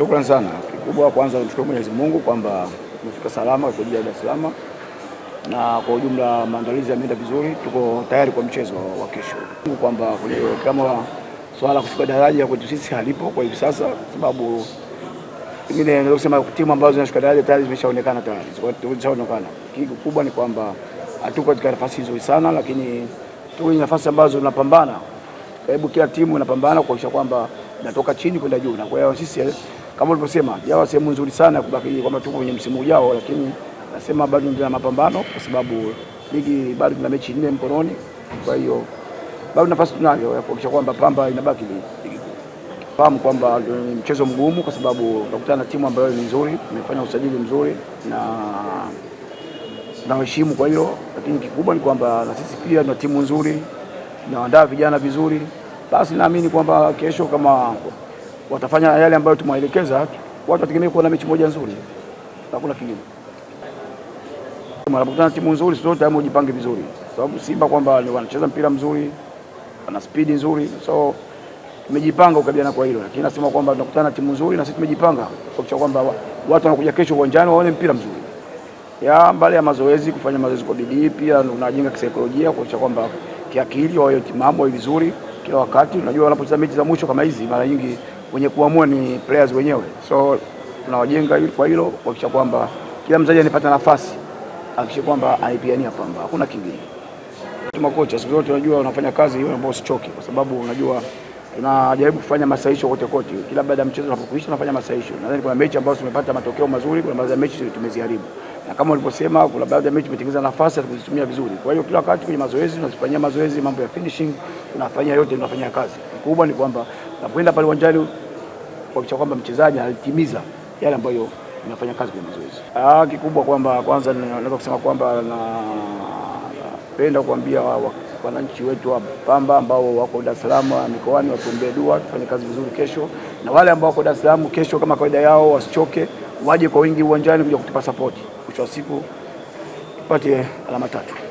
Shukrani sana. Kikubwa kwanza nimshukuru Mwenyezi Mungu kwamba tumefika salama kwa ajili ya Dar es Salaam, na kwa ujumla maandalizi yameenda vizuri. Tuko tayari kwa mchezo wa kesho, Mungu kwamba kama swala kufika daraja kwetu sisi halipo kwa hivi sasa, sababu pengine naweza kusema timu ambazo zinashuka daraja tayari zimeshaonekana tayari zimeshaonekana. Kikubwa ni kwamba hatuko katika nafasi nzuri sana, lakini tuko kwenye nafasi ambazo tunapambana. Karibu kila timu inapambana kuhakikisha kwamba natoka chini kwenda juu, na kwa hiyo sisi kama ulivyosema, Jawa sehemu nzuri sana ya kubaki kwamba tuko kwenye msimu ujao, lakini nasema bado ndina mapambano, kwa sababu ligi bado ina mechi nne mkononi. Kwa hiyo bado nafasi tunayo ya kuhakikisha kwamba Pamba inabaki ligi Fahamu kwamba ni mchezo mgumu, kwa sababu unakutana na timu ambayo ni nzuri, imefanya usajili mzuri na nawaheshimu kwa hiyo, lakini kikubwa ni kwamba na sisi pia tuna timu nzuri, naandaa vijana vizuri, basi naamini kwamba kesho kama watafanya yale ambayo tumewaelekeza, watu wategemee kuona mechi moja nzuri, hakuna kingine. Wanapokutana timu nzuri zote, ama ujipange vizuri, sababu Simba kwamba wanacheza mpira mzuri, wana spidi nzuri, so tumejipanga kukabiliana kwa hilo, lakini nasema kwamba tunakutana timu nzuri na sisi tumejipanga kuhakikisha kwamba watu wanakuja kesho uwanjani waone mpira mzuri ya mbali ya mazoezi, kufanya mazoezi kwa bidii, pia unajenga kisaikolojia kuhakikisha kwamba kiakili wao timamu, wawe vizuri kila wakati. Unajua wanapocheza mechi za mwisho kama hizi mara nyingi wenye kuamua ni players wenyewe, so tunawajenga hili kwa hilo kuhakikisha kwamba kila mchezaji anapata nafasi, hakikisha kwamba anaipigania Pamba, hakuna kingine. Tuma kocha siku zote, unajua unafanya kazi hiyo ambayo usichoke, kwa sababu unajua tunajaribu kufanya masaisho kote kote, kila baada ya mchezo unapokuisha unafanya masaisho. Nadhani kuna mechi ambazo tumepata matokeo mazuri, kuna baadhi ya mechi tumeziharibu, na kama ulivyosema, kuna baadhi ya mechi tumetengeneza nafasi kuzitumia vizuri. Kwa hiyo kila wakati kwenye mazoezi tunazifanyia mazoezi, mambo ya finishing tunafanya yote, tunafanya kazi. Kubwa ni kwamba napoenda pale uwanjani kuhakikisha kwamba mchezaji anatimiza yale ambayo inafanya kazi kwenye mazoezi. Ah, kikubwa kwamba kwanza naweza kusema kwamba napenda kuambia wananchi wetu wa Pamba ambao wako Dar es Salaam mikoani, watuombee dua tufanye kazi vizuri kesho, na wale ambao wako Dar es Salaam kesho, kama kawaida yao, wasichoke, waje kwa wingi uwanjani kuja kutupa sapoti. Mwisho wa siku tupate alama tatu.